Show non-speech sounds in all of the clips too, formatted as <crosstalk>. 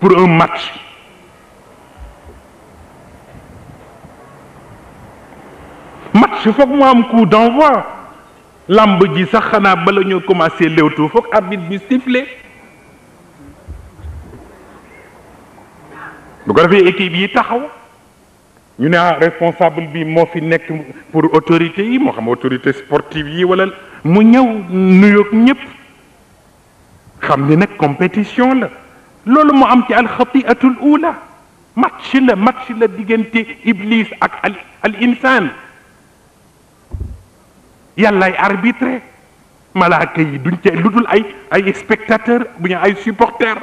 pour un match. Match, il faut que moi me coup d'envoi. Lamb ji sax xanaa bala ñoo commencé léewtu foog arbitre bi sifflé bu ko defee équipe yi taxaw ñu ne ah, responsable bi moo fi pour autorité yi moo xam autorité sportive yi wala mu ñëw nous ñëpp xam ni nag compétition la لول مو على الخطيئة الأولى ما تشلا ما تشلا ديجنتي إبليس أك الإنسان يلا أي أربيتر ملاك أي دنيا لودل أي أي سبكتاتر بني أي سبورتر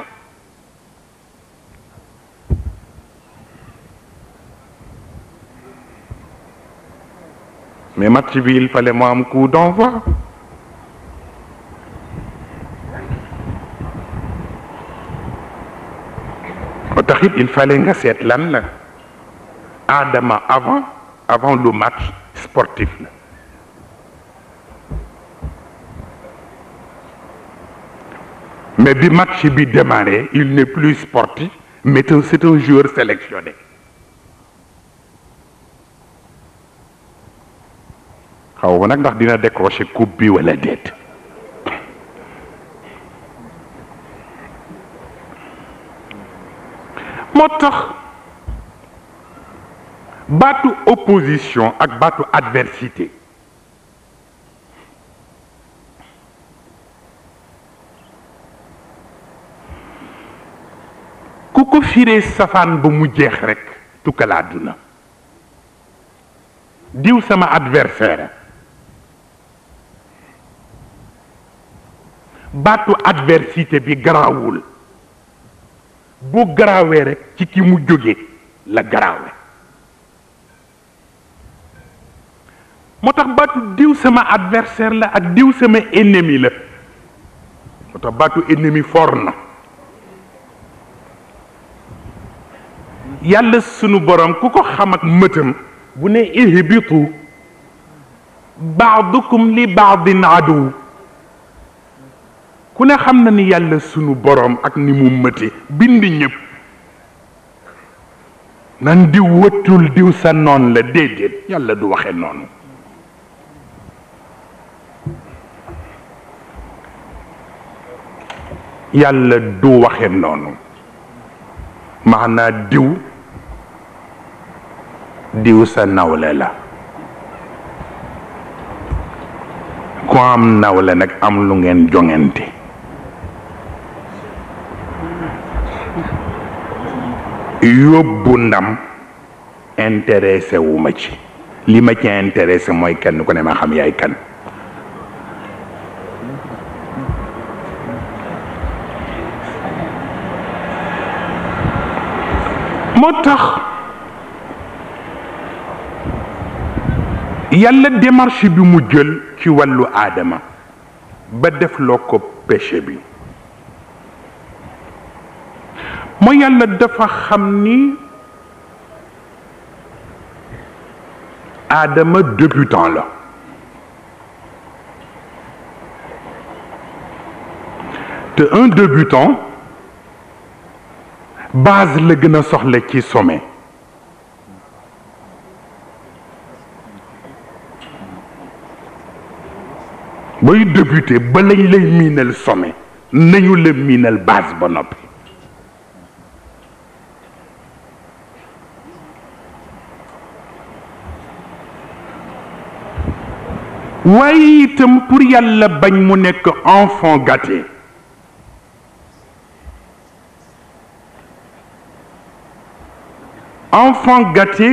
Mais Matibil, il fallait moi un coup d'envoi. il fallait que cette lame, la avant avant le match sportif mais le match a démarré il n'est plus sportif mais c'est un joueur sélectionné ndax coupe la dette. moo tax baatu opposition ak baatu adversité ku ko firee safaan bu mu jeex rekk tukkala àdduna diw sama adversaire baatu adversité bi garaawul bu garaawee rek ci ki mu jóge la garaawe moo tax baatu diw sama adversaire la ak diw sama ennemi la moo tax baatu ennemi for na yàlla sunu borom ku ko xam ak mëtam bu ne ihbitu baadukum li baadin aduw ku ne xam na ni yàlla sunu boroom ak ni mu mëti bind ñëpp nan diw wëttul diw sa noon la déedéet yàlla du waxe noonu yàlla du waxe noonu maanaa diw diw sa nawle la ku am nawle nag am lu ngeen joŋante yóbbu ndam intéressé wu ma ci li ma ci intéressé mooy kenn ku ne ma xam yaay kan moo tax yàlla démarche bi mu jël ci wàllu aadama ba def loo ko péché bi moyalla yàlla dafa xam ni aadama débutant la De un débutant base la gën a soxla ci sommet booy débuté ba lañ lay miinal sommet nañu le miinal base ba noppi waaye itam pour yàlla bañ mu nekk enfant gâté enfant gâté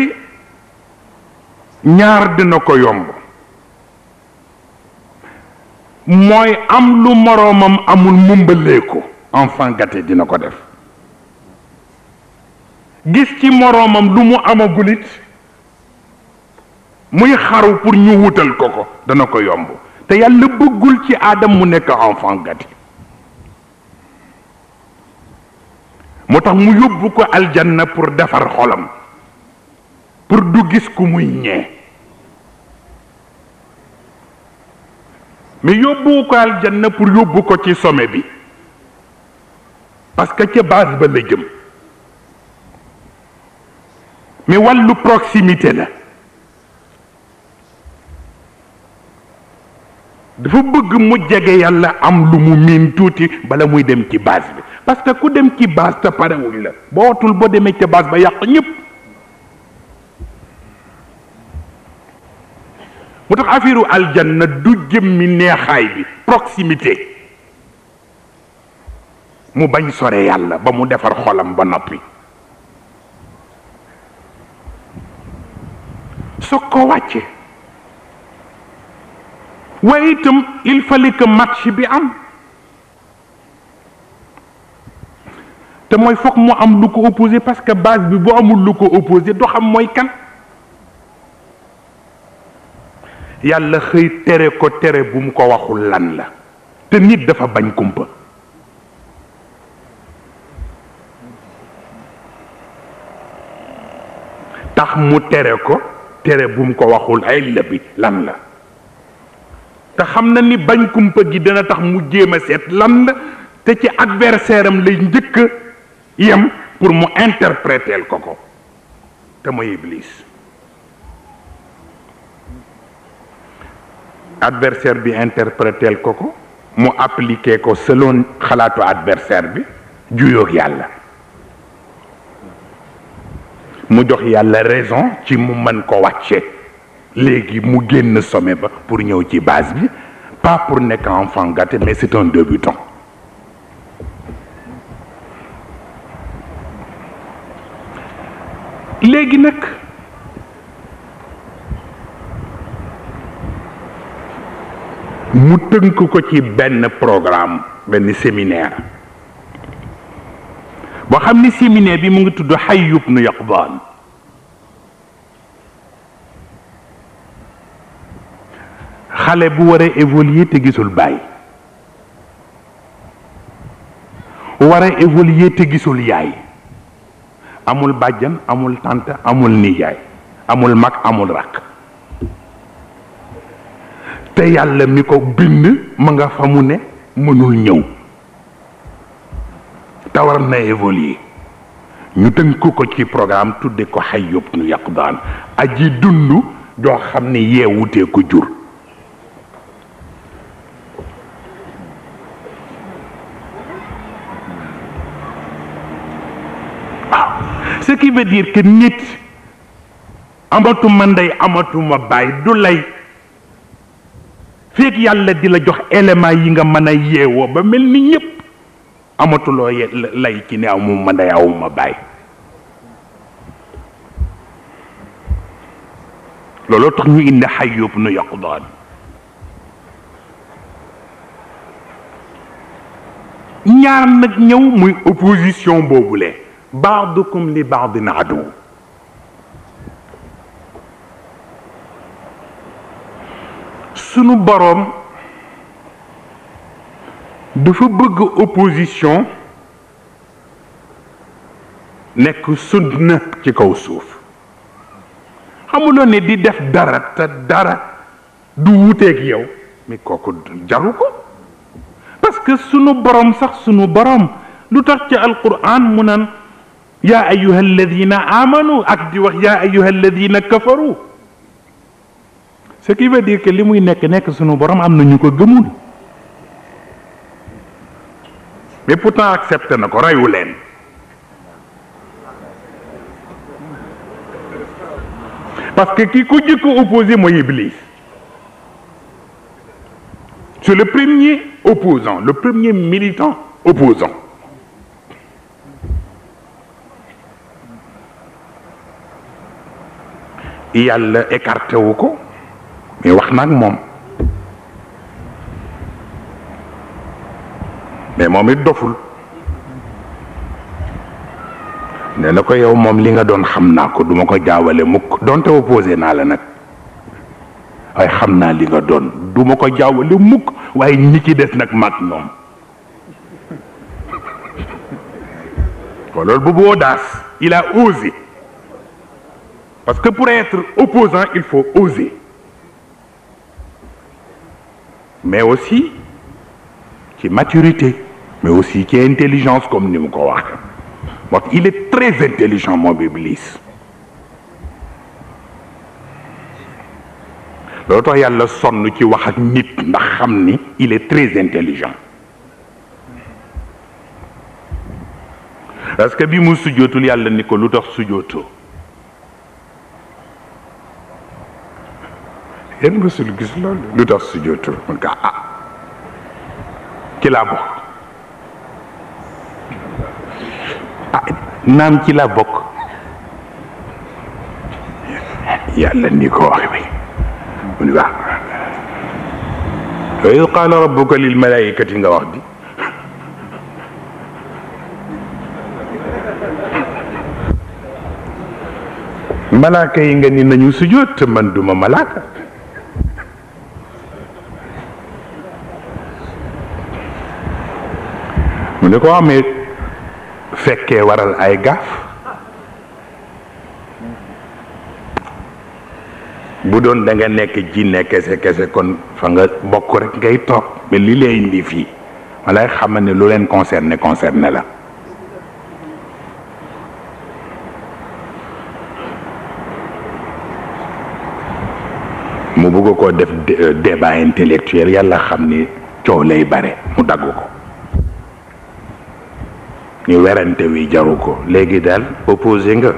ñaar dina ko yomb mooy am lu moroomam amul mumbalee ko enfant gâté dina ko def gis ci moroomam lu mu amagulit muy xaru pour ñu wutal ko ko dana ko yomb te yàlla bëggul ci aadam mu nekk enfant gâté moo tax mu yóbbu ko aljanna pour defar xolam pour du gis ku muy ñee mu yóbbu ko aljanna pour yóbbu ko ci sommet bi parce que ca base ba la jëm mais wàllu proximité la dafa bëgg mu jege yàlla am lu mu miin tuuti bala muy dem ci base bi parce que ku dem ci base te parewuñ la boo watul boo demee ca base ba yàq ñëpp mu tax affaire aljanna du jëmmi neexaay bi proximité mu bañ sore yàlla ba mu defar xolam ba noppi soo ko wàcce il fallait que match bi am te moy am opposé parce que base bi bo amul lu ko opposé xam kan ko ko waxul lan la te nit dafa bañ kumpa tax mu téré ko téré ko waxul ay la te xam na ni bañ kumpa gi dina tax mu jéem seet lan la te ci adversaire am lay njëkk yem pour mu interpréter ko ko te mooy iblis adversaire bi interpréter ko ko mu appliquer ko selon xalaatu adversaire bi juyoog yàlla mu jox yàlla raison ci mu mën ko wàcce léegi mu génn sommet ba pour ñëw ci baas bi pas pour nekk enfant gâté mais c'est un débutant léegi nag mu tënk ko ci benn programme benn séminaire boo xam ni séminaire bi mu ngi tudd Hayyub nu Yaqdaan xale bu war a évoluer te gisul baay war a évoluer te gisul yaay amul bàjjan amul tànt amul nijaay amul mag amul rakk te yàlla mi ko bind ma nga fa mu ne mënul ñëw te war na évoluer ñu tënk ko ci programme tudde ko xay yóbbu nu yàqu daan aji dund joo xam ne yeewutee ko jur qui veut dire que nit amatuma ndey amatuma baay du lay feeg yàlla di la jox élément yi nga mën a yeewoo ba mel ni ñépp amatuloo lay ci ne amuma ndey amuma baay looloo tax ñu indi xayub nu yaqdaan ñaar nag ñëw muy opposition boobule بعضكم لبعض عدو سنو بروم دفا بغ اوبوزيسيون نيك سودنا تي كاو سوف خمو ني دو ووتيك ياو مي كوكو جاروكو باسكو سونو بروم صاح سونو بروم لوتاخ تي القران منان يا أيها الذين آمنوا أكدي وخ يا أيها الذين كفروا سكي بدي كلمي نك نك سنو برام أم نيوكو جمول مي بوتان أكسبت نك راي ولين Parce que qui est C'est le premier opposant, le premier militant opposant. yàlla écarté wu ko mais wax na ak moom mais moom it doful nee na ko yow moom li nga doon xam naa ko duma ko jaawale mukk donte opposé naa la nag waaye xam naa li nga doon duma ko jaawale mukk waaye ñi ci des nag mag ñoom <laughs> ko loolu bu daas il a Parce que pour être opposant, il faut oser. Mais aussi, qui est maturité, mais aussi qui est intelligence, comme nous Donc, il est très intelligent, mon biblis. Le il est très intelligent parce que bi mu a le ni ko kenn mësul gis ci laa bokk ah naam ci laa bokk yàlla ni ko wax bi mu ni waaw wa id qaala rabbuka lil nga wax bi malaaka yi nga ni nañu sujjoot te man duma malaaka ne ko amee ah, fekkee waral ay gaaf bu doon danga nekk jinne kese kese kon fa nga bokk rek ngay toog mais li lay indi fii ma lay xam ne lu leen concerné concerné la mu bëgg koo def euh, débat intellectuel yàlla xam ni coow lay bare mu dagg ko ñu werante wi jaru ko léegi daal opposé nga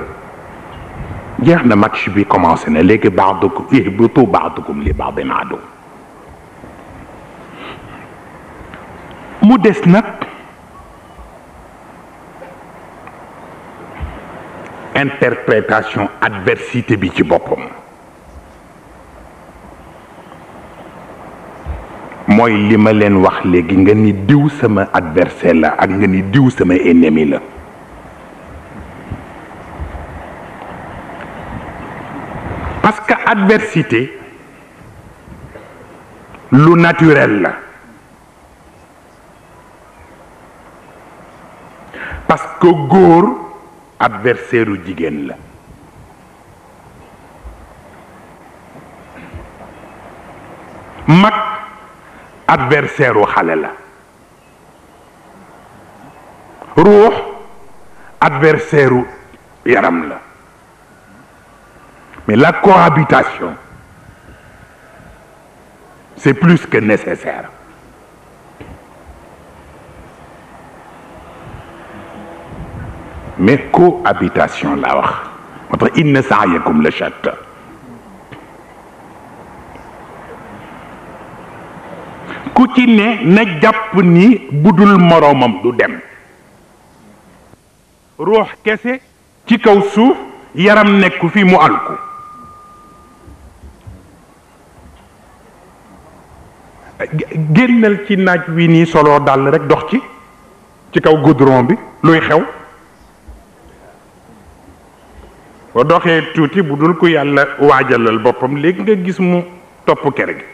jeex na match bi commencé na léegi ko baadukum ihbitu baadukum li baadin adu mu des nag interprétation adversité bi ci boppam mooy li ma leen wax léegi nga ni diw sama adversaire la ak nga ni diw sama ennemi la parce que adversité lu naturel la parce góor adversaire u jigéen la mag adversaire au halala. la adversaire au yaram mais la cohabitation c'est plus que nécessaire mais cohabitation là entre moo comme le comme le ku ci ne na jàpp ni budul moroomam du dem ruux kese ci kaw suuf yaram nekku fi mu alku génnal ci naaj wi nii solo dàll rek dox ci ci kaw goudron bi luy xew ba doxee tuuti bu dul ku yàlla waajalal boppam léegi nga gis mu topp kere gi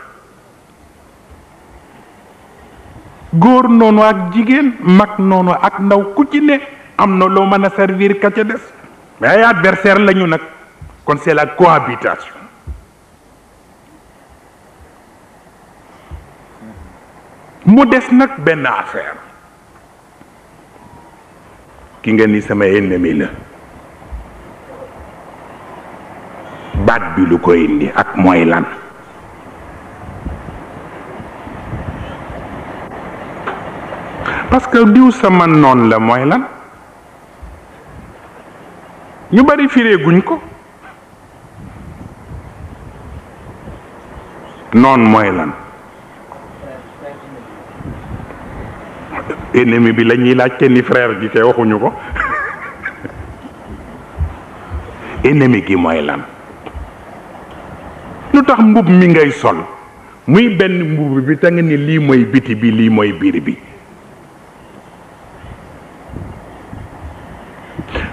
góor noonu ak jigéen mag noonu ak ndaw ku ci ne am na loo mën a servir ka ca des mais ay adversaire la ñu nag kon c'est la cohabitation mu des nag benn affaire ki nga ni sama ennemi la baat bi lu ko indi ak mooy lan parce que diw sama noon la mooy lan ñu bari firee guñ ko noon mooy lan ennemi bi la ñuy laajte ni frère gi kay waxuñu ko <laughs> ennemi gi mooy lan lu tax mbubb mi ngay sol muy benn mbubb bi te ni lii mooy biti bi lii mooy biir bi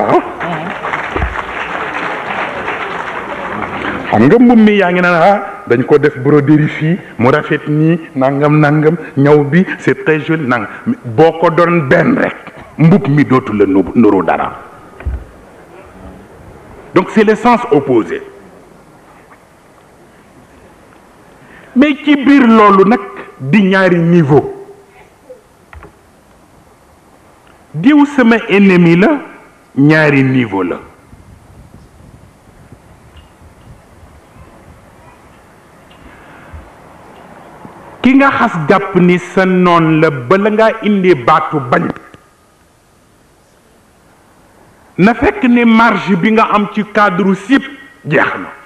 waaw xam nga mbubb mi yaa ngi naan ah dañ ko def broderie fii mu rafet nii nangam nangam ñaw bi c'est très joli nangam boo ko doon benn rek mbubb mi dootu la nuru dara donc c'est le sens opposé mais ci biir loolu nag di ñaari niveau diw sama ennemi la ñaari niveau la ki nga xas jàpp ni sa noon la bala ngaa indi baatu bañ na fekk ne marge bi nga am ci cadre sip jeex na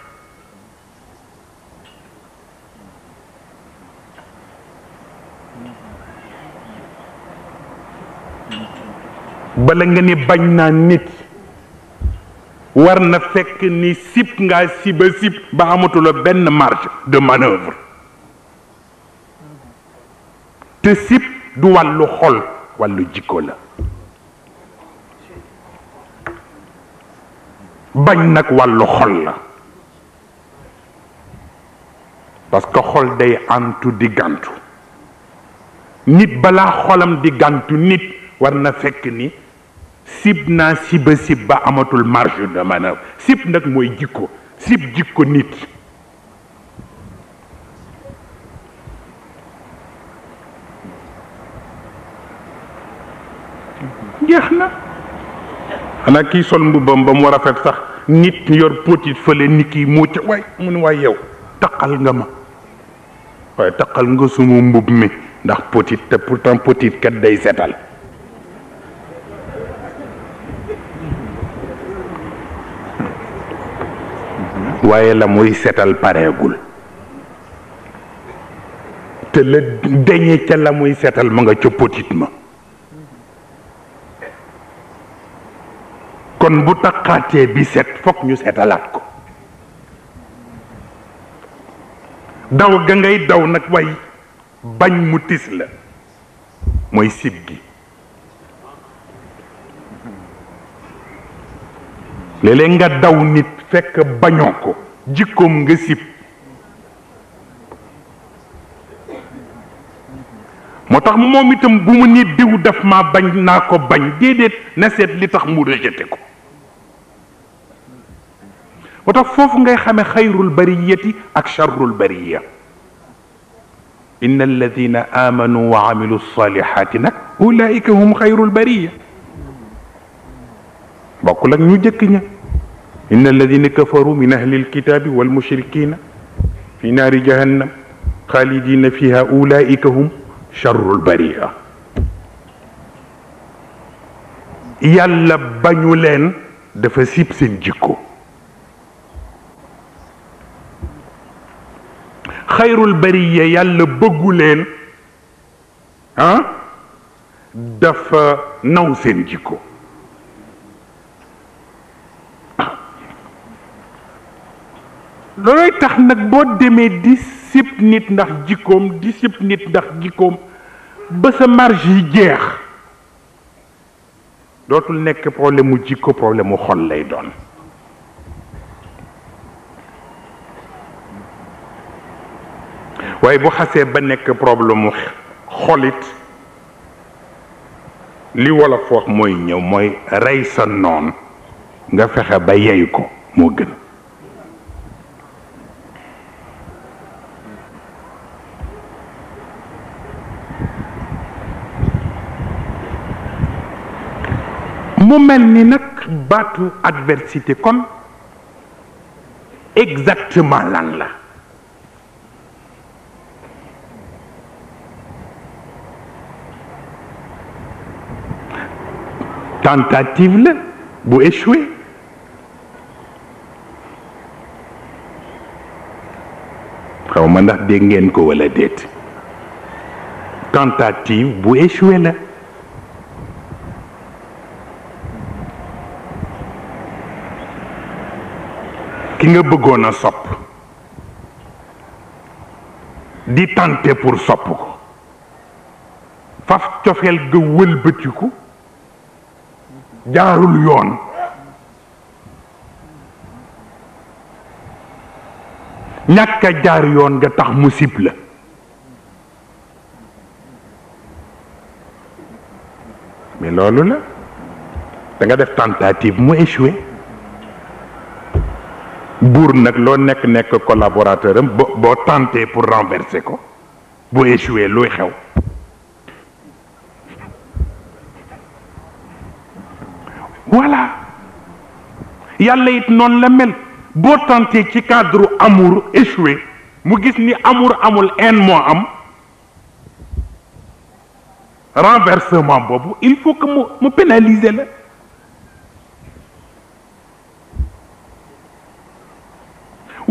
bala nga ne bañ nit war na fekk ni sip nga siba sip ba amatuloo ben marge de manœuvre te sip du walu xol walu jikko la bañ nak walu xol la parce que xol day antu digantu. nit bala xolam digantu nit war na fekk ni sib naa siba sib ba amatul marge yu manœuvre sib nag mooy jikko sib jikko nit jeex na xanaa kii sol mbubbam ba mu war rafet sax nit yor potit fële nit kii moo ca waay mu ne waay yow taqal nga ma waaye taqal nga suma mbubb mi ndax potit te pourtant potit kat day setal waaye la muy setal pareegul te la deñe ca la muy setal mu nga ca ma kon bu taqaatee bi set fokk ñu setalaat ko daw ga ngay daw nag way bañ mu tis la mooy sib gi léeg-léeg nga daw nit fekk bañoo ko jikkoom nga sib moo tax moom itam bu mu nit diw daf ma bañ naa ko bañ déedéet na seet li tax mu rejeté ko moo tax foofu ngay xamee xayrul bariyati ak charrul bariya inna alladina amanu wa amilu salihati nag ulaika hum xayrul bariya bokkul ak ñu jëkk ña إن الذين كفروا من أهل الكتاب والمشركين في نار جهنم خالدين فيها أولئك هم شر البريئة يلا بنيولين دفسيب سنجكو خير البرية يلا بقولين ها دف نو سنجكو looloy tax nag boo demee di sib nit ndax jikkoom di sib nit ndax jikkoom ba sa marge yi jeex dootul nekk problème mu jikko problème xol lay doon waaye bu xasee ba nekk problème mu xolit li wolof wax mooy ñëw mooy rey sa noon nga fexe ba yey ko moo gën mu mel ni nag adversité kon exactement là la tentative la bu échoué xaw ma ndax dégg ngeen ko wala det tentative bu échoué la ki nga di pour sop ko faf cofeel ga de jaarul yoon ñaka jaar yoon ga tax mais lolu la da nga def tentative mu échoué bour nak lo nek nek collaborateur am bo de pour renverser ko bu échoué luy xew voilà yalla it non la mel de tenté ci cadre amour échoué mu gis ni amour amul est un am renversement bobu il faut que mu mu pénaliser la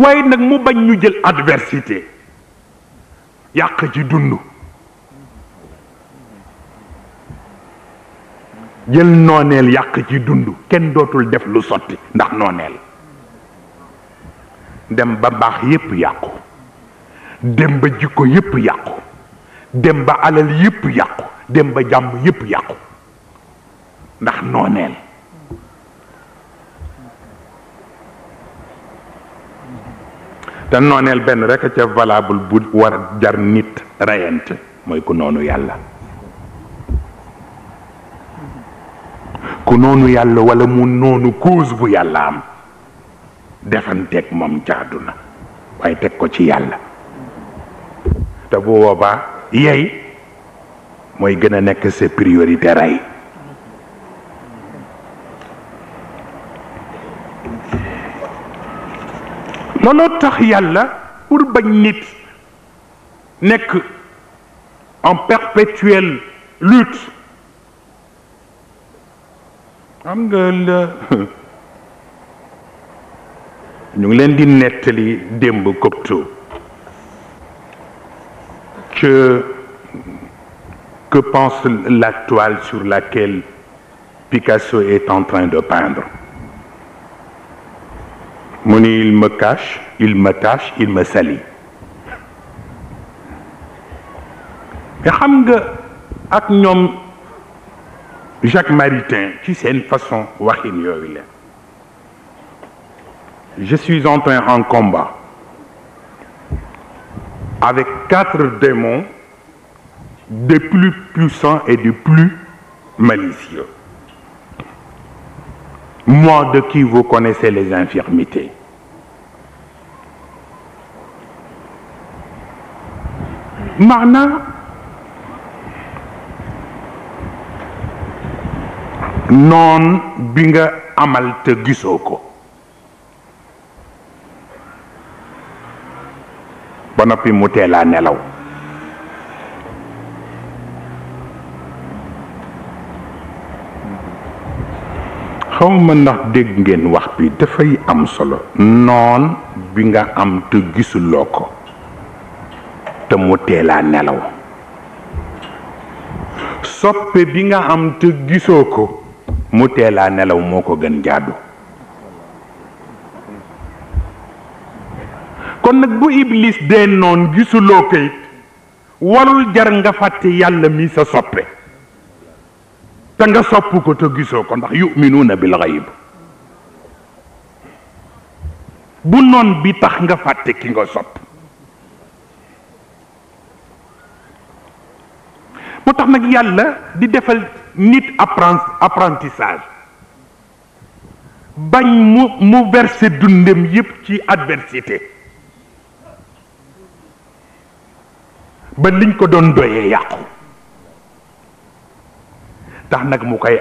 waaye nag mu bañ ñu jël adversité yàq ci dund jël nooneel yàq ci dund kenn dootul def lu sotti ndax nooneel dem ba baax yépp yàqu dem ba jikko yépp yàqu dem ba alal yépp yàqu dem ba jàmm yépp yàqu ndax nooneel te nooneel benn rek a ca valable bu war jar nit reyante mooy ku noonu yàlla ku noonu yàlla walla mu noonu cause bu yàlla am defanteeg moom jaadu na waaye teg ko ci yàlla te bu boobaa yey mooy gën a nekk sa priorité rey looloo tax yàlla pour bañ nit nek en perpétuelle lutte xam nga la <laughs> ñu ngi di netali demb Copto que que pense la toile sur laquelle Picasso est en train de peindre il me cache il me cache, il me salit je xam nga Jacques Maritain c'est une façon je suis train en combat avec quatre démons des plus puissants et des plus malicieux moi de qui vous connaissez les infirmités. Marna non, binga amalte, amal te gisoo ko xaw ndax dégg ngeen wax bi dafay am solo noon bi nga am te gisuloo ko te mu teelaa nelaw soppe bi nga am te gisoo ko mu teelaa nelaw moo ko gën jàddu kon nag bu iblis dee noon gisuloo ko it jar nga fàtte yàlla mi sa soppe te nga sopp ko te gisoo ko ndax yuminuuna bil xayb bu noon bi tax nga fàtte ki nga sopp moo tax nag yàlla di defal nit apprentissage bañ mu mu verser dundem yépp ci adversité ba liñ ko doon doyee yàqu tax nag mu koy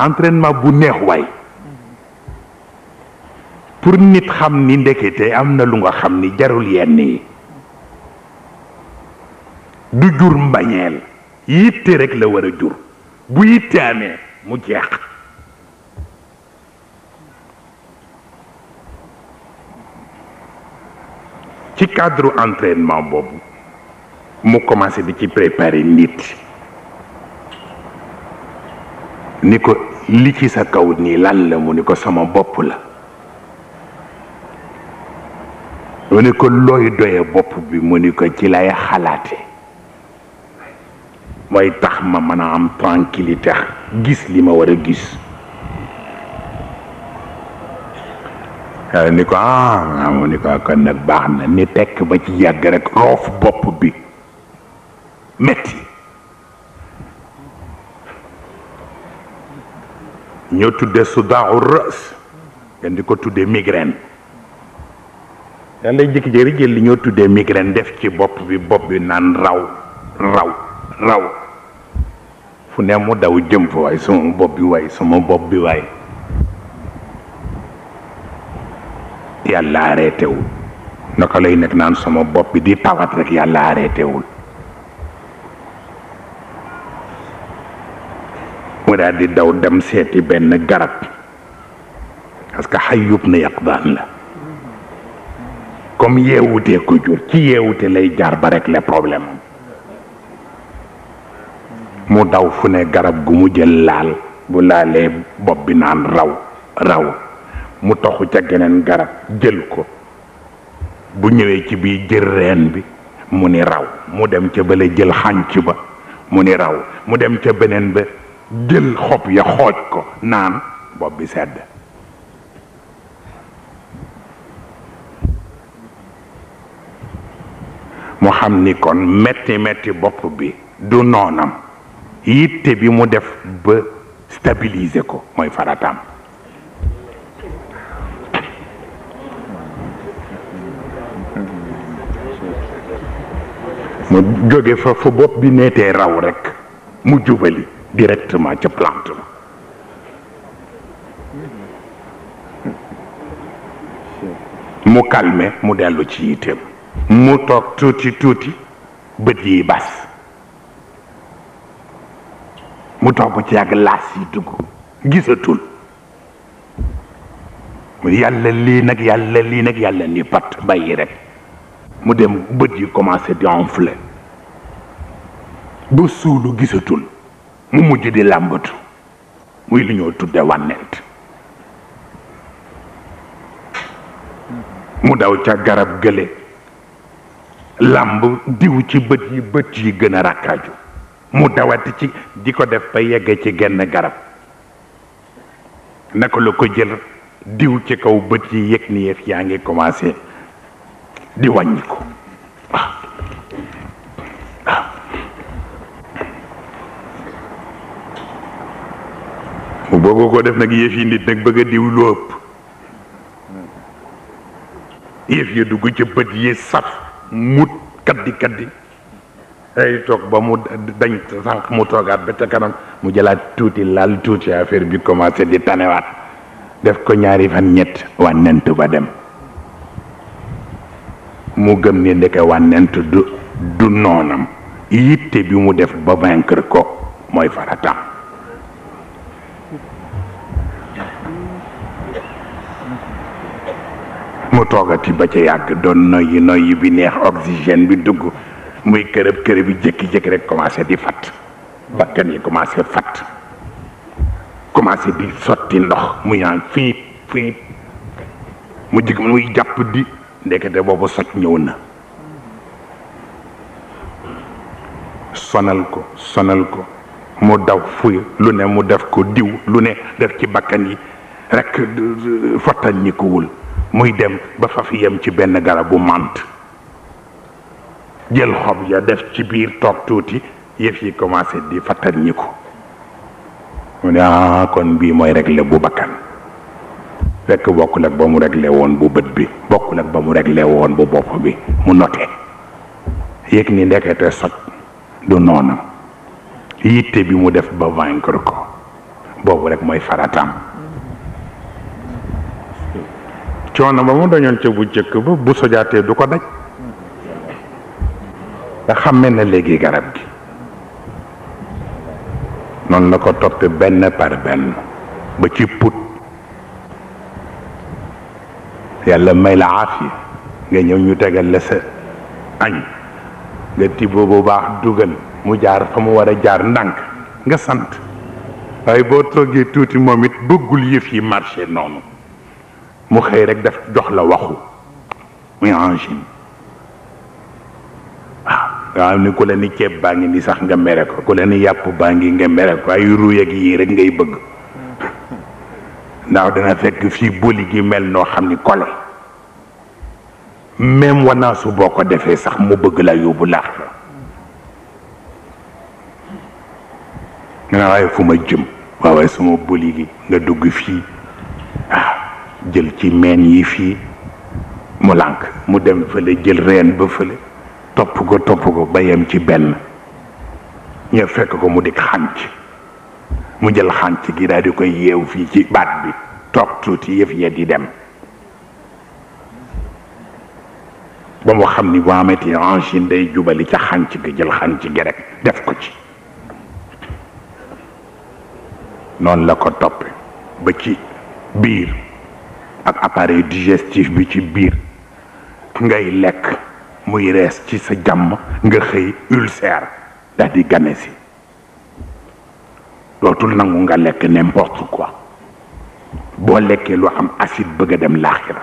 entraînement bu neex waay pour nit xam ni ndekete am na lu nga xam ni jarul yenn yi du jur mbañeel yitte rek la war a jur bu yitte mu jeex ci cadre entraînement boobu mu commencé di ci préparer nit ni ko li ci sa kaw nii lan la mu ni ko sama bopp la mu ni ko looy doye bopp bi mu ni ko ci lay xalaate mooy tax ma mën a am tranquillité gis li ma war a gis ni ko ah mu ni ko kon nag baax na ni tekk ba ci yàgg rek roof bopp bi metti ñoo tudde sudaa u rës di ko tuddee migraine dañ lay jékki-jékki jël li ñoo tuddee migraine def ci bopp bi bopp bi naan raw raw raw fu ne mu daw jëm fa waaye sama bopp bi waaye sama bopp bi waaye yàlla arrêté wul naka lay nekk naan sama bopp bi di tawat rek yàlla arrêté mu daal daw dem seeti benn garab parce que xayub na yaqdaan la comme yeewutee lay jaar ba rek le problème fu ne garab gu mu jël laal bu laalee bopp bi naan raw mu toxu ca geneen garab jël ko bu ñëwee ci biir jël reen bi mu ni raw mu dem ca bële jël xànc ba mu ni raw mu dem ca beneen ba jël xob ya xooj ko naan bopp bi sedd mu xam ni kon metti metti bopp bi du noonam yitte bi mu def ba stabiliser ko mooy farataam mu jóge fa fu bopp bi neetee raw rekk mu jubali directement ca plante ma mu calme mu dellu ci yitteem mu toog tuuti tuuti bët yi bas mu toog ba ci yàgg laas yi dugg gisatul yàlla lii nag yàlla lii nag yàlla ni pat bàyyi rek mu dem bët yi commencé di enfler ba suulu gisatul mu mujj di làmbatu muy lu ñoo tudde wànnent mu daw ca garab gële làmb diw ci bët yi bët yi gën a rakkaaju mu dawati ci di ko def ba yegg ci genn garab naka la ko jël diw ci kaw bët yi yëg ni yëf yaa ngi commencé di wàññiku bëgg ko def nag yëf yi nit nag bëgg a diw lu ëpp yëf ya dugg ca yi saf mut kaddi kaddi day toog ba mu dañ sànq mu toogaat ba ca kanam mu jëlaat tuuti laal tuuti affaire bi commencé di tanewaat def ko ñaari fan ñett wànnent ba dem mu gëm ni ndeke wànnent du du noonam yitte bi mu def ba vaincre ko mooy faratam mu toogati ba ca yàgg doon noyyi noyyi bi neex oxygène bi dugg muy kërëb kërëb bi jékki-jékki rek commencé di fatt bakkan yi commencé fatt commencé di sotti ndox mu ñaan fii fii mu jig muy jàpp di ndekete boobu sot ñëw na sonal ko sonal ko mu daw fu lu ne mu def ko diw lu ne def ci bakkan yi rekk euh, fottal ñi ko muy dem ba faf yem ci benn garabu mànt jël xob ya def ci biir toog tuuti yëf yi commencé di fattan ñi ko mu ne ah, kon bii mooy réglé bu bakkan fekk bokkul ak ba mu réglé woon bu bët bi bokkul ak ba mu réglé woon bu bopp bi mu noté yëg ni ndekete soj du noonu yitte bi mu def ba vaincre ko boobu rek mooy faratam coono ba mu dañoon ca bu jëkk ba bu sojaatee du ko daj nga xàmme na léegi garab gi noonu la ko toppe benn par benn ba ci put yàlla may la aafiya nga ñëw ñu tegal la sa añ nga tibboo bu baax dugal mu jaar fa mu war a jaar ndànk nga sant waaye boo toggee tuuti moom it bëggul yëf yi marché noonu مخي رك دف daf jox la waxu muy nga xam ni ku la ni ceeb baa ngi ni sax nga mere ko ku la ni yàpp baa ngi nga mere ko ay ruy ak yii rek ngay bëgg ndax dana fekk fii boli gi mel noo xam ni kole même wanaasu boo ko defee sax mu bëgg la yóbbu laax la nga ne waaye fu ma jëm waaw waaye sama boli gi nga dugg fii jël ci meen yi fii mu lànk mu dem fële jël reen ba fële topp ko topp ko ba yem ci benn ña fekk ko mu dikk xanc mu jël xanc gi daal di koy yeew fii ci baat bi toog tuuti yëf ya di dem ba mu xam ni bu amati angine day jubali ca xanc gi jël xànc gi rek def ko ci noonu la ko topp ba ci biir ak appareil digestif bi ci biir ngay lekk muy rees ci sa jàmm nga xëy ulcère daal di gane si dootul nangu nga lekk ne n'importe ko boo lekkee lu am acide bëgg a dem laaxira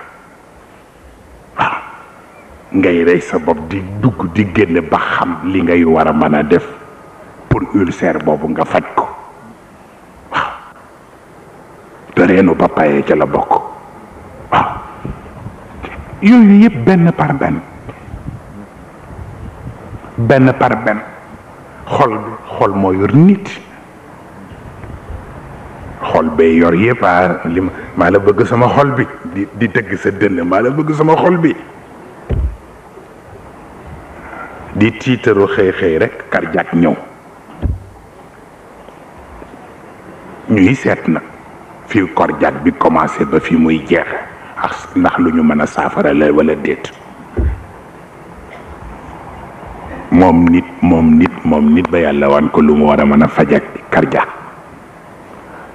ngay rey sa bopp di dugg di génn ba xam li ngay war a mën a def pour ulcère boobu nga faj ko waaw te reenu papayee ca la bokk yooyu yëpp benn par benn benn par benn xol bi xol moo yor nit xol bee yor yëpp a ah, li ma maa la bëgg sama xol bi di di sa dënn maa la bëgg sama xol bi di tiitaru xëy xëy rek karjaak ñëw ñuy seet na fi korjaat bi commencé ba fi muy jeex ak ndax lu ñu mën a saafara la wala déet moom nit moom nit moom nit ba yàlla wan ko lu mu war a mën a faj ak karja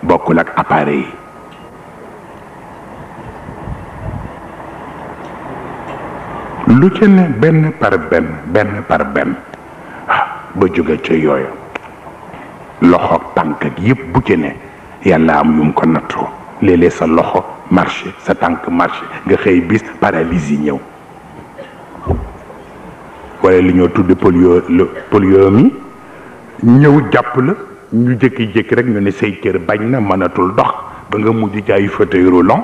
bokkul ak appareil yi lu ci ne benn par benn benn par benn ah, ba jóge ca yooyu loxo tànk ak yépp bu ci ne yàlla am yu mu ko nattoo léeg-léeg sa loxo marché sa tànk marché nga xey bis paralysie ñew wala li ñoo tudde polio le polio mi ñew japp la ñu jékki-jékki rek ñu ne sey cër bañ na manatul dox ba nga mujj ci ay fauteuil roulant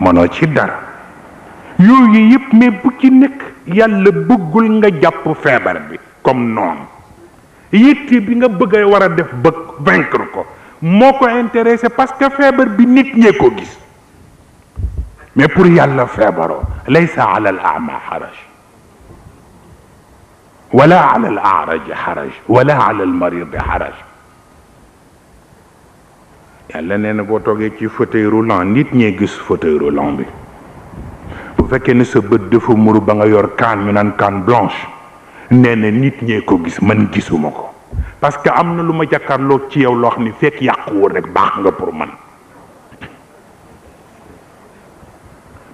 mënoo ci dara yooyu yëpp mais bu ci nekk yàlla bëggul nga jàpp feebar bi comme noonu yitte bi nga bëgg a war a def ba vaincre ko moo ko intéressé parce que feebar bi nit ñee ko gis mais pour yàlla feebaroo laysa ala al ama xaraj ولا على الأعرج حرج ولا على المريض حرج yàlla nee na boo toogee ci fauteuil roulant nit ñee gis fauteuil roulant bi bu fekkee ne sa bët dafa muru ba nga yor kaan ñu naan kaan blanche nee na nit ñee ko gis man gisuma ko parce que amna luma jakarlo ci yow lo xamni fek yakku yàquwul rek bax nga pour man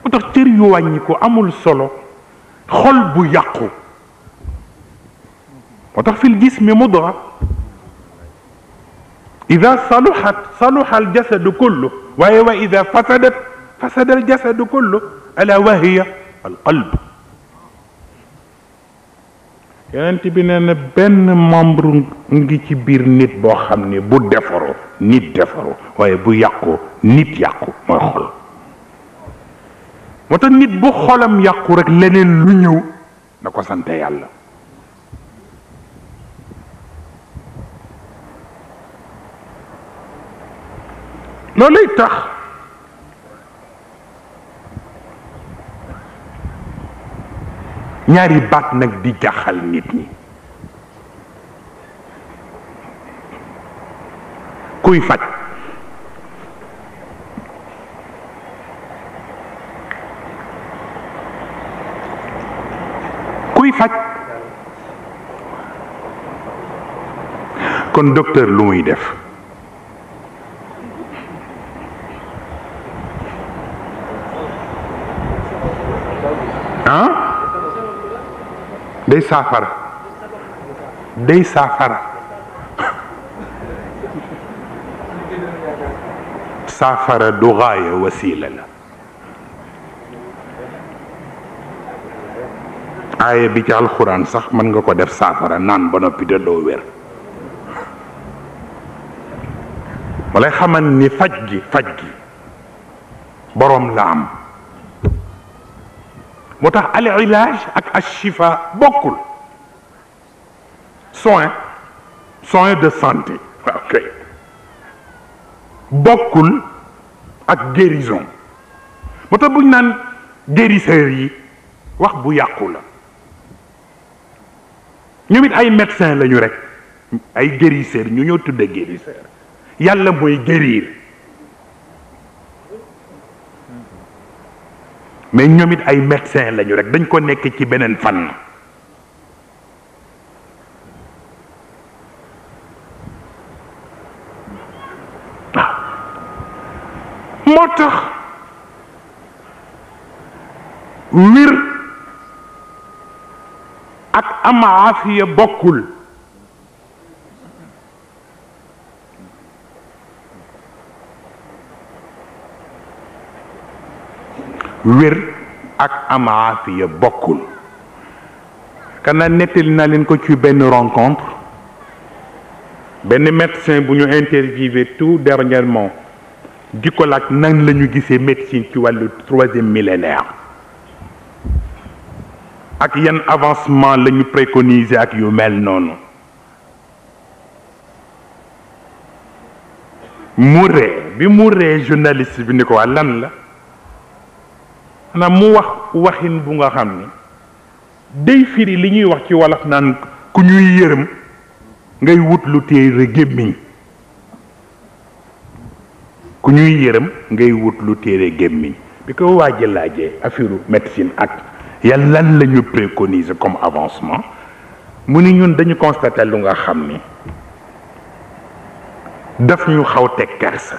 motax ter yu wàññi ko amul solo xol bu yakku motax tax fil jismi mudra اذا صلحت صلح الجسد كله وهي واذا فسدت فسد الجسد كله الا وهي القلب yonent bi nee benn membre ngi ci biir nit boo xam ne bu defaroo nit defaroo waaye bu yàqoo nit yàqu mooy xol moo nit bu xolam yàqu rek leneen lu ñëw na ko sante yàlla looluy tax ñaari bat nak di jaxal nit ñi kuy fajj kuy fajj kon docteur lu muy def day safara day safara safara du ghaya wasila la bi ci alquran sax man nga ko def safara nan ba noppi de do wer walay xamal ni fajj gi borom la am moo tax al ilaaj ak ashifa bokkul soin soin de santé ah, bokkul ak guérison moo tax buñ naan guérisseurs yi wax bu yàqu la ñoom it ay médecin lañu rek ay guérisseurs ñu ñoo tudde guérisseur yàlla mooy guérir mais ñoom it ay médecin lañu rek dañ ko nekk ci beneen fan moo tax wir ak am aafiya bokkul Les ak am aafiya kana ko ci une rencontre ben médecin bu ñu interviewé tout dernièrement diko lak nan médecine ci troisième millénaire ak avancement préconiser ak yu mel journaliste maanaam mu wax waxin bu nga xam ni day firi li ñuy wax ci wolof naan ku ñuy yërëm ngay wut lu téere gémmiñ ku ñuy yërëm ngay wut lu téere gémmiñ bi ko waaja laajee affaire médecine ak yàlla lan la ñu préconiser comme avancement mu ni ñun dañu constaté lu nga xam ni daf ñu xaw teg kersa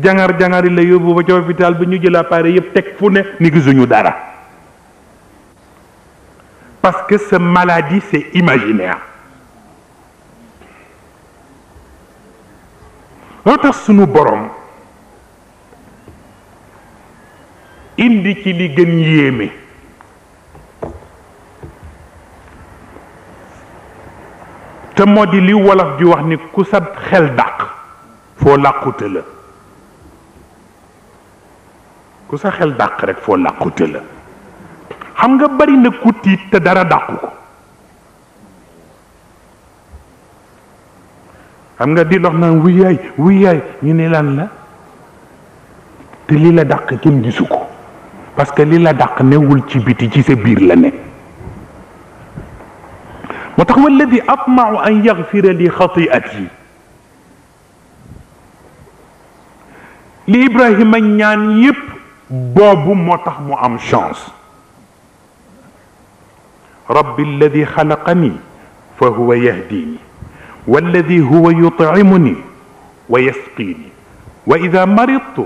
jangar-jangari la yóbbu ba ca hôpital bi ñu jël appareil yëpp teg fu ne ni gisuñu dara parce que sa maladie c'est imaginaire loo tax sunu boroom indi ci li gën yéeme te moo di li wolof ji wax ni ku sa xel dàq foo làqute la ku sa xel dàq rek foo làqute la xam nga bari na ku te dara dàqu ko xam nga di dox naan wuyaay wuyaay ñu ne lan la te li la dàq kim gisu ko parce que li la dàq newul ci biti ci sa biir la ne moo tax walladi atmau an yaxfira li xatiati li ibrahima ñaan yépp بابو موتاح مو ام شانس رب الذي خلقني فهو يهديني والذي هو يطعمني ويسقيني واذا مرضت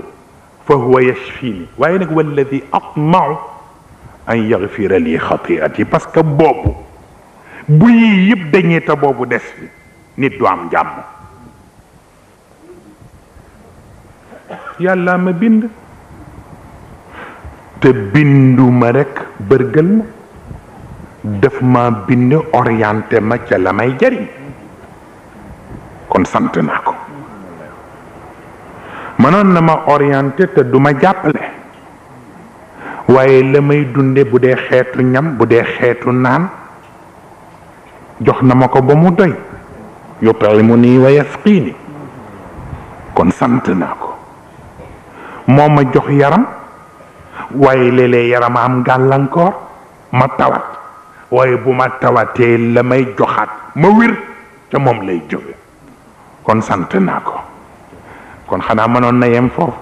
فهو يشفيني وين والذي اطمع ان يغفر لي خطيئتي باسكو بوبو بوي ييب داني تا بوبو ديس نيت دو ام جام يالا ما بيند te binduma rekk bërgël ma daf ma bind orienté ma ca la may jariñ kon sant naa ko mënoon na ma orienté te du ma jàppale waaye la may dunde bu dee xeetu ñam bu dee xeetu naan jox na ma ko ba mu doy yutimuni wa yasqini kon sant naa ko moo ma jox yaram waaye léeg-léeg yaram ma tawat waaye bu ma tawatee la may ma wir ca moom lay jóge kon sant naa ko kon xanaa mënoon na yem foofu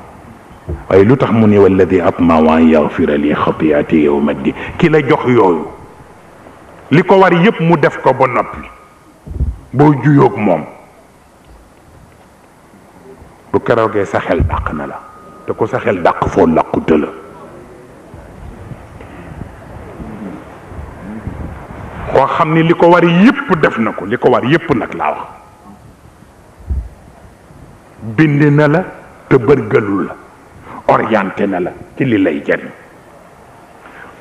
waaye lu tax mu ne walladi li xatiyaati yowma di ki la jox yooyu li war yépp mu def ko ba noppi boo juyoog moom bu keroogee sa xel dak na la te ko sa xel dàq foo làqute la koo xam ne li ko war yépp def na ko li ko war yépp nag laa wax bind na la te bërgalu la orienté na la ci li lay jariñ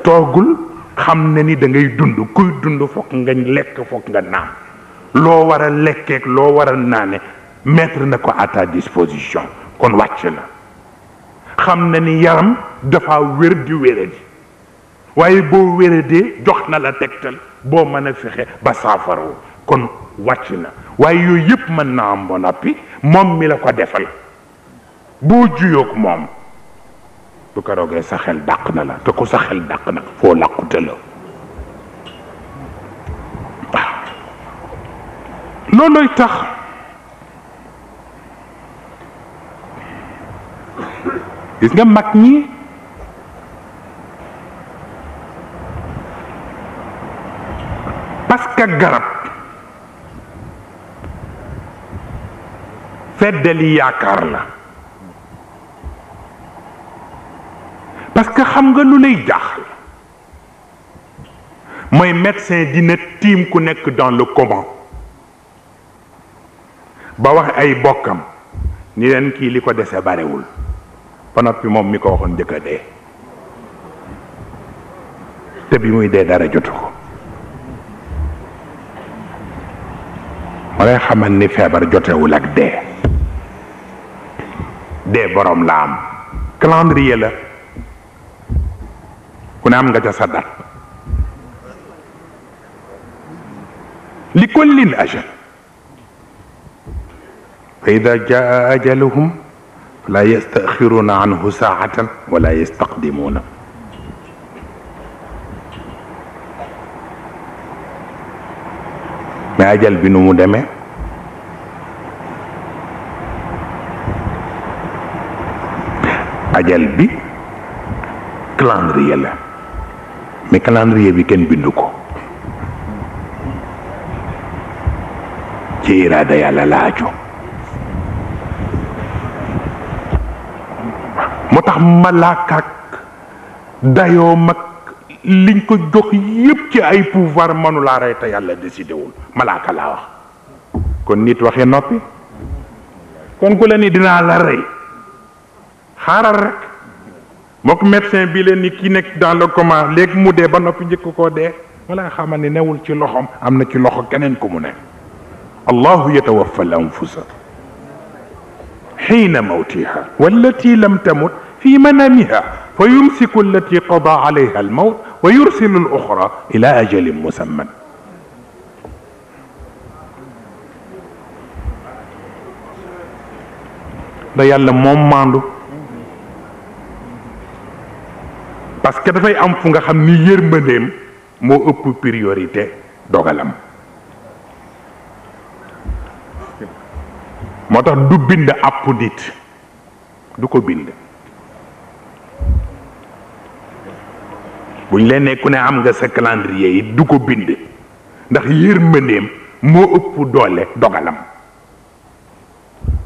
toogul xam na ni dangay dund kuy dund fokk nga lekk fokk nga naan loo war a lekkeek loo war a naane mettre na ko à ta disposition kon wàcc na xam na ni yaram dafa wér di wéradi waaye boo wéradee jox na la tegtal boo mën a fexe ba saafaroo kon wàcc na waaye yooyu yëpp mën na am ba noppi moom mi la ko defal boo juyoog moom bu ko roogee sa xel dàq na la te ku sa xel dàq na foo làqute la waaw tax gis nga mag ñi parce que garab feddali yaakaar la parce que xam nga lu lay jaaxal mooy médecin dina tiim ku nekk dans le comment ba wax ay bokkam ni leen kii li ko dese barewul ba noppi moom mi ko waxoon njëkk dee te bi muy dee dara jotu ko ma xamal ni febar jotewul ak de de borom la am calendrier la ku ne am nga ca sa dat li kullin ajal fa ida jaa ajaluhum la yastakhiruna anhu saatan wala yastaqdimuna mais ajal bi nu mu demee ajal bi calendrier la mais calendrier bi kenn bindu ko ci iraada yàlla la aju moo tax malaakaak dayoo mag liñ ko jox yépp ci ay pouvoir manu la ray ta yàlla décidé wul malaaka laa wax kon nit waxe noppi kon ku la ni dinaa la rey xaaral rek moo médecin bi leen ni ki nekk dans le coma léegi mu dee ba noppi njëkk koo dee wala xamal ni newul ci loxom am na ci loxo keneen ku mu ne allahu yatawaffa al anfusa xiina mawtiha wallati lam tamut fi manamiha فيمسك التي قضى عليها الموت ويرسل الاخرى الى اجل مسمى دا يالا موم ماندو باسكو دا فاي ام فوغا خامي ييرمبنديم مو اوب بريوريتي دوغالام موتاخ دو بيند اب دوكو بيند buñ le ne ne am nga sa calendrier yi du ko bind ndax yërmandeem mo upp doole dogalam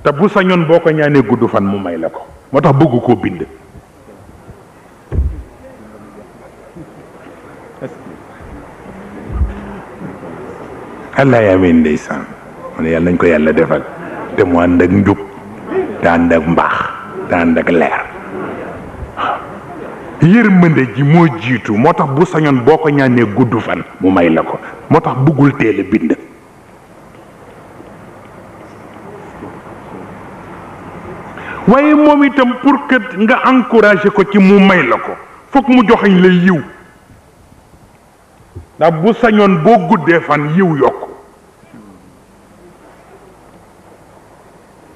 ta bu sa ñun boko ñane guddu fan mu may lako motax bëgg bind allah ya min ndeysaan mu ne yàlla nañ ko yalla defal te mo and ak njub te ak mbax te ak leer yërmande ji moo jiitu moo tax bu sañoon boo ko ñaanee gudd fan mu may la ko moo tax bëggul teel a bind waaye moom itam pour que nga encouragé ko ci mu may la ko foog mu joxañ la yiw ndax bu sañoon boo guddee fan yiw yokk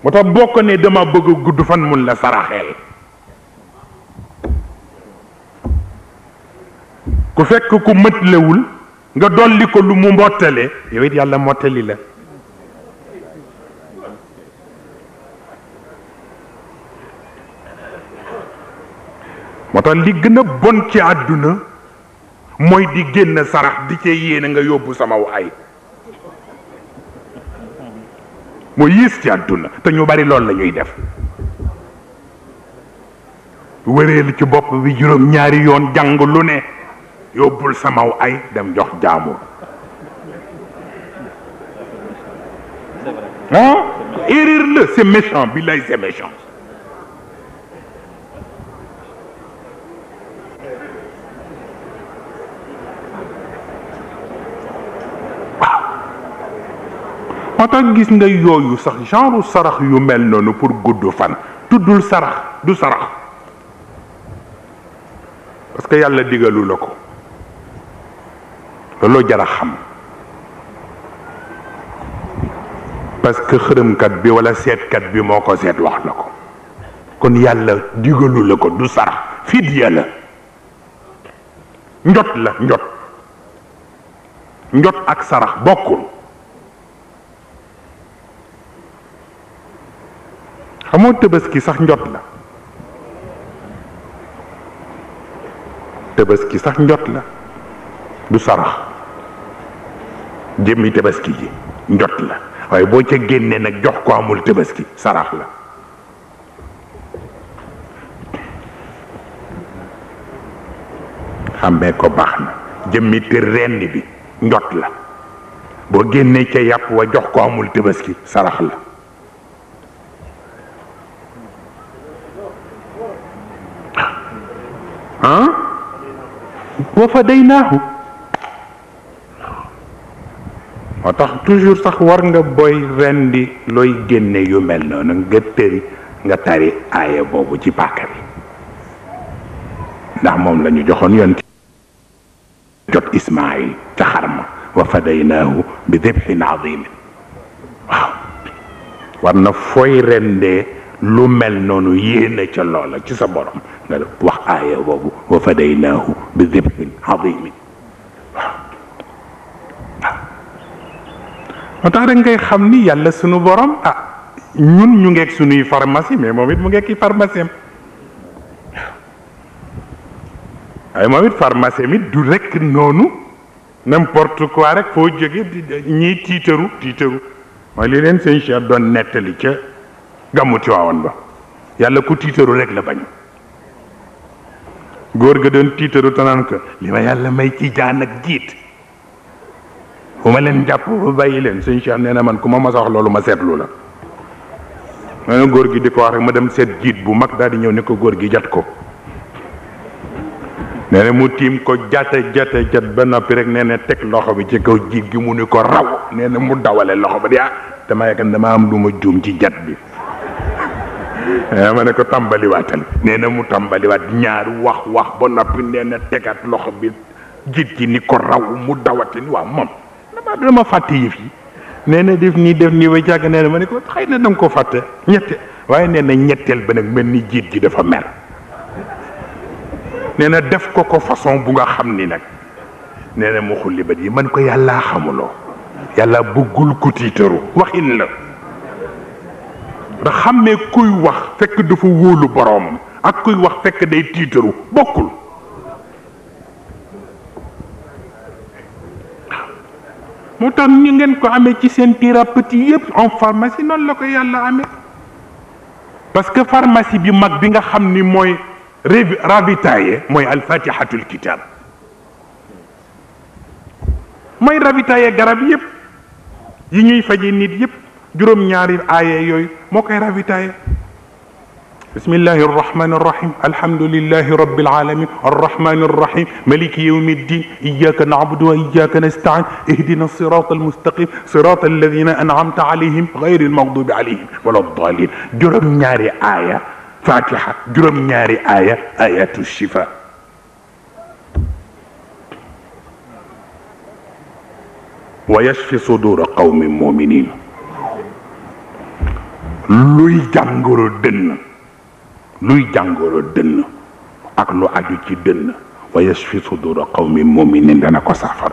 moo tax boo ko ne dama bëgg gudd fan mun la saraxeel ku fekk ku mëtlewul nga dolli ko lu mu mbottale yow it yàlla mottali la moo tax li gën a bon ci àdduna mooy di génn sarax di cee yéene nga yóbbu sama waay moo yiis ci àdduna te ñu bari loolu la ñuy def wëreelu ci bopp bi juróom ñaari yoon jàng lu ne yóbbul sama ay dem jox jaamur ah hein? erreur le, c'est méchant bi c'est méchant moo tax gis nga yooyu sax genre sarax yu mel noonu pour gudd fan tuddul sarax du sarax parce que yàlla digalu la ko looloo jar a xam parce que xërëmkat bi walla seetkat bi moo ko seet wax na ko kon yàlla digalu la ko du sarax fidya la njot la njot njot ak sarax bokkul xamoo tëbaski sax njot la tëbaski sax njot la du sarax jëmmi tabaski ji njot la waaye boo ca génnee nag jox ko amul tabaski sarax la xàmmee ko baax na jëmmi te renn bi njot la boo génnee ca yàpp wa jox ko amul tabaski sarax la ah boo fa day naaxu moo tax toujours sax war nga booy rendi looy génne yu mel noonu nga tëri nga tari aaya boobu ci paaka bi ndax moom lañu ñu joxoon yoon jot ismail ca xarma wa fadaynaahu bi dibxin azimin waaw war na fooy rendee lu mel noonu yéene ca loola ci sa borom nga wax aaya boobu wa fadaynaahu bi dibxin azimin waaw moo tax rek ngay xam ni yàlla sunu borom ah ñun ñu ngeeg sunuy pharmacie mais moom it mu ngeeg i pharmacie am waaye moom it pharmacie it du rekk noonu n'importe quoi rek foo jóge ñiy tiitaru tiitaru mooy li leen seen cheikh doon nettali ca gàmmu Tiwaawan ba yàlla ku tiitaru rek la bañ góor ga doon tiitaru tanaan ko li ma yàlla may ci jaan ak jiit bu ma leen jàpp ba bàyyi leen suñ Cheikh nee man ku ma mos a wax loolu ma seetlu la ma góor gi di ko wax rek ma dem seet jiit bu mag daal di ñëw ne ko góor gi jat ko nee na mu tiim ko jata jata jat ba noppi rek nee na teg loxo bi ci kaw jiit gi mu ni ko raw nee na mu dawale loxo ba di ah dama yaakaar dama am lu juum ci jat bi eh, ma ne ko tàmbaliwaatal nee na mu tàmbaliwaat ñaar wax wax ba noppi nee tegaat loxo bi jiit gi ni ko raw mu dawati waa moom ma dama fàtte yi nee na def nii def nii ba jàgg nee na ma ne ko xëy na danga ko fàtte ñette waaye nee na ñetteel ba nag mel ni jiit gi dafa mer nee na def ko ko façon bu nga xam ni nag neena na mu xulli bat yi man ko yàllaa xamuloo yàlla bëggul ku tiitaru waxin la ndax xàmmee kuy wax fekk dafa wóolu boroomam ak kuy wax fekk day tiitaru bokkul moo tax ñu ngeen ko amee ci seen thérapeute yëpp en pharmacie noonu la ko yàlla amee parce que pharmacie bi mag bi nga xam ni mooy ravitaillé mooy alfatihatul kitab mooy ravitaillé garab yëpp yi ñuy faje nit yëpp juróom-ñaari aaye yooyu moo koy ravitaillé بسم الله الرحمن الرحيم الحمد لله رب العالمين الرحمن الرحيم ملك يوم الدين إياك نعبد وإياك نستعين اهدنا الصراط المستقيم صراط الذين أنعمت عليهم غير المغضوب عليهم ولا الضالين جرم ناري آية فاتحة جرم ناري آية آيات الشفاء ويشفي صدور قوم مؤمنين لوي جانغورو دن luy jàngoro deun ak lu aju ci deun wa yashfi sudura qawmi muminin dana ko safar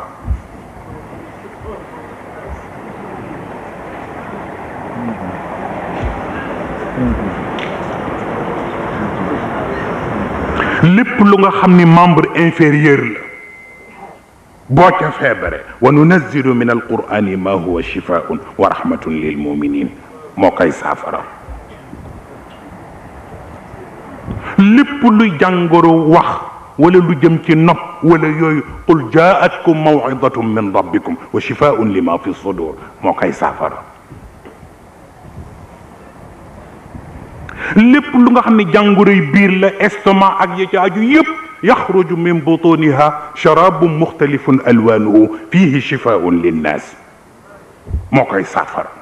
lépp lu nga xamni membre inférieur la bo ca febré wa nunzilu min alqurani ma huwa shifaa'un wa rahmatun lilmu'minin mo kay safara lépp luy jàngoro wax wala lu jëm ci nopp wala yooyu qul jaatkum mawidatum min rabbikum wa shifaun lima fi sudur moo koy saafara lépp lu nga xam ne jàngoroy biir la estomac ak ya ci aju yépp yaxruju min butuniha sharabun muxtalifun alwanuhu fihi shifaun linnaas moo koy saafara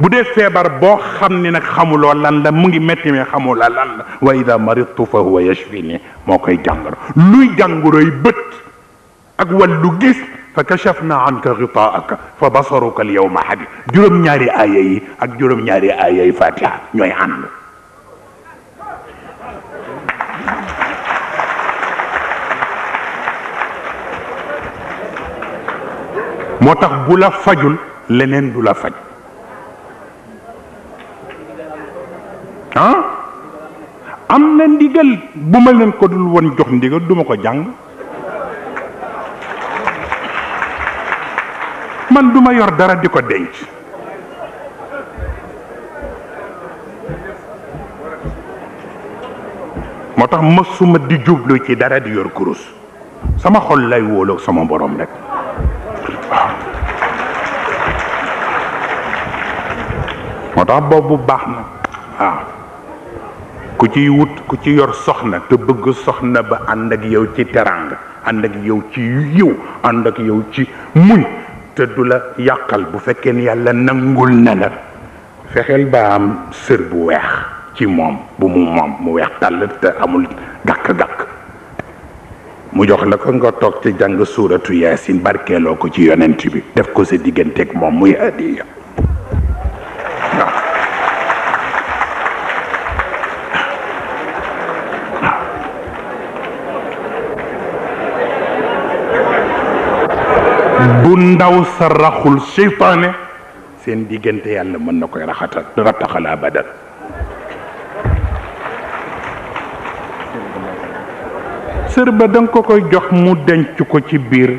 bu dee feebar boo xam ni nag xamuloo lan la mu ngi metti mais xamuloo lan la wa ida maridtu fa huwa yashfini moo koy jàngoro luy jàngoroy bët ak wàllu gis fa kachafna anka gitaaka fa basaruka al yawma hadid juróom-ñaari aaya yi ak juróom-ñaari aaya yi fatiha ñooy ànd moo tax bu la fajul leneen du la faj ah am na ndigal bu ma leen ko dul woon jox ndigal duma ko jàng man duma yor dara di ko denc moo tax ma suma di jublu ci dara di yor kurus sama xol lay wóoloog sama boroom rek moo tax boobu baax na waaw ku ci wut ku ci yor soxna te bëgg soxna ba ànd ak yow ci teraanga ànd ak yow ci yëw ànd ak yow ci muñ te du la yàqal bu fekkee ni yàlla nangul na la fexeel ba am sër bu weex ci moom bu mu moom mu weex tàll te amul gàkk-gàkk mu jox la ko nga toog ci jàng suuratu yaasin barkeeloo ko ci yonent bi def ko sa digganteeg moom muy adiya bu ndaw sa raxul seytaane seen diggante yàlla mën na koy raxatal rattaxal abadan sër ba danga ko koy jox mu denc ko ci biir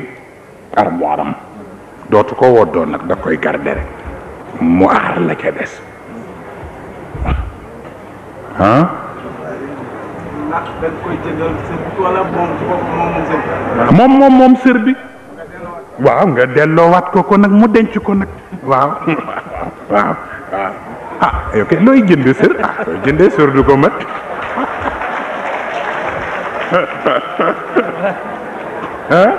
armoire dootu ko woddoo nag da koy garde rek mu aar la ca des ah, moom moom moom sër bi waaw nga delloowaat ko ko nag mu denc ko nag waaw waaw waaw ah ya, ok looy jënd sër ah looy jënde sër du ko mat ah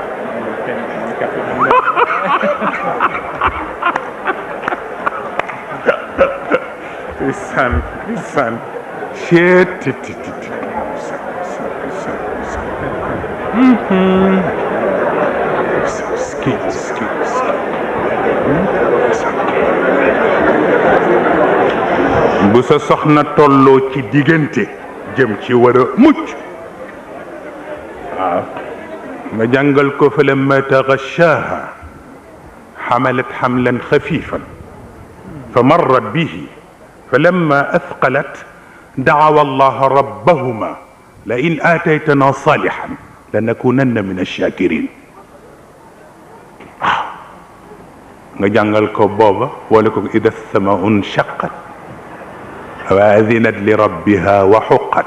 san isan chet tit tit tit bu sa soxna tolloo ci diggante jëm ci war a mucc waaw nga jàngal ko fa lamma taghashaha hamalat hamlan khafifan fa marrat bihi fa lamma athqalat دعوا الله ربهما لئن آتيتنا صالحا لنكونن من الشاكرين nga jàngal ko booba wala ko ida sama un shaqat واذنت لربها وحقت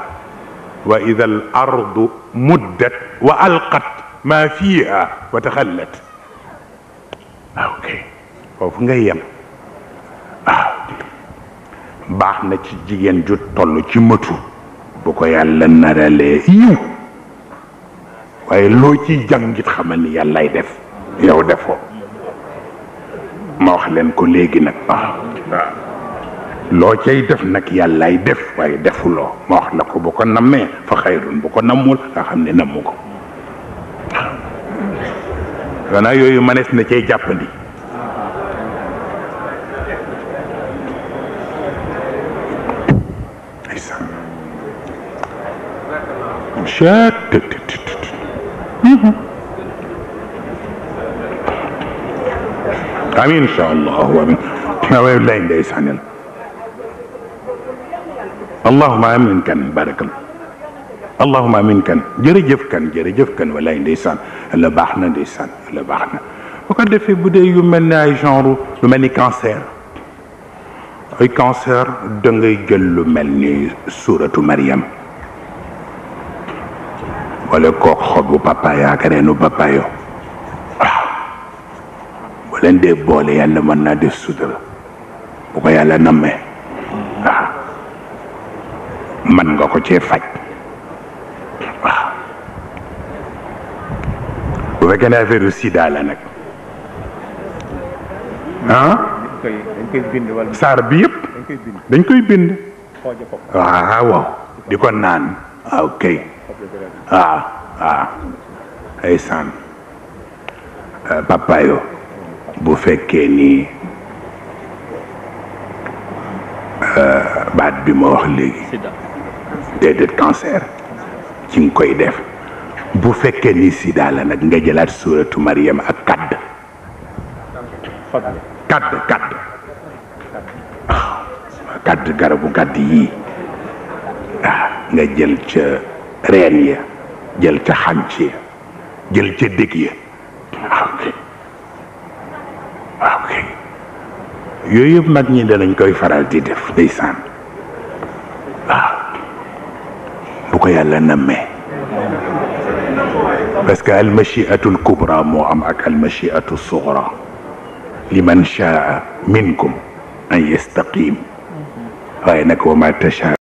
واذا الارض مدت والقت ما فيها وتخلت آه، اوكي فوف غيام آه، باخنا سي جيجن جو تولو سي متو بوكو يالا نارالي يو واي لو سي جانجيت خمان يالا يدف يو دفو ما واخ لين كو ليغي نك اه lo cey def nak yalla ay def way defulo mo wax nak bu ko nammee fa khairun bu ko namul nga xam ne nammu ko xanaa yooyu mënees na cay jàppandi amin incha allah amin waaye lay ndeysaan اللهم امين كان بارك الله اللهم امين كان جرجف كان جرجف كان ولا ديسان الله باخنا ديسان الله باخنا وكان دفي بودي يو ملني اي جونرو لو ملني كانسير اي كانسير دا ngay جيل لو ملني سوره مريم ولا كو خوبو بابا يا كرينو بابا يو ولا ندي بولي يالا مانا دي سودر بوكو يالا نامي mën nga ko ci faj waaw bu fekkee ne affaire sida la nag ah saar bi yëpp dañ koy bind waaw waaw di ko naan waaw ah, kay waaw ah, waaw ay ah. saan eh, papayo bu fekkee ni eh, baat bi ma wax léegi dee cancer ci nga koy def bu fekkee ni sida la nag nga jëlaat suratu Mariam ak kadd kadd kadd waaw ah, kadd garabu kadd yii ah, nga jël ca reen ya jël ca xànc ya jël ca dég ya waaw ah, yooyu yëpp mag ñi danañ koy faral di def ndeysaan waaw تبقى يا لنمي بس كالمشيئة الكبرى مو عمك المشيئة الصغرى لمن شاء منكم أن يستقيم فإنك وما تشاء